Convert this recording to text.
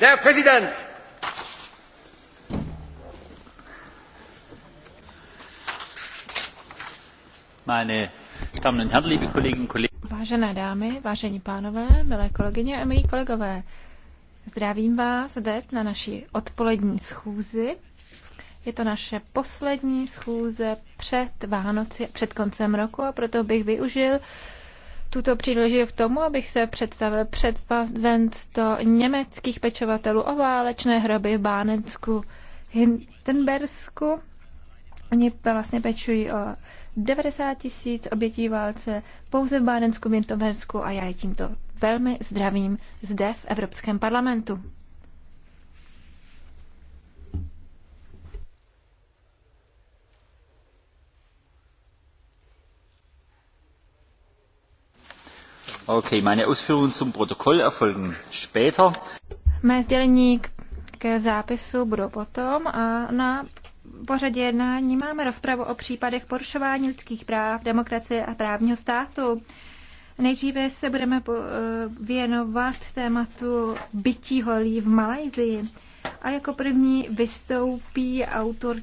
Der Präsident! Meine Damen und Herren, liebe Kolleginnen und Kollegen. Vážené dámy, vážení pánové, milé kolegyně a milí kolegové, zdravím vás zde na naší odpolední schůzi. Je to naše poslední schůze před Vánoci, před koncem roku a proto bych využil tuto příležitost k tomu, abych se představil před to německých pečovatelů o válečné hroby v Bánecku, Hintenbersku. Oni vlastně pečují o 90 tisíc obětí válce pouze v Bánecku Hintenbersku a já je tímto velmi zdravím zde v Evropském parlamentu. Okay, meine Ausführungen zum Protokoll erfolgen später. Mé sdělení k zápisu budou potom a na pořadě jednání máme rozpravu o případech porušování lidských práv, demokracie a právního státu. Nejdříve se budeme eh, věnovat tématu bytí holí v Malajzii. A jako první vystoupí autorka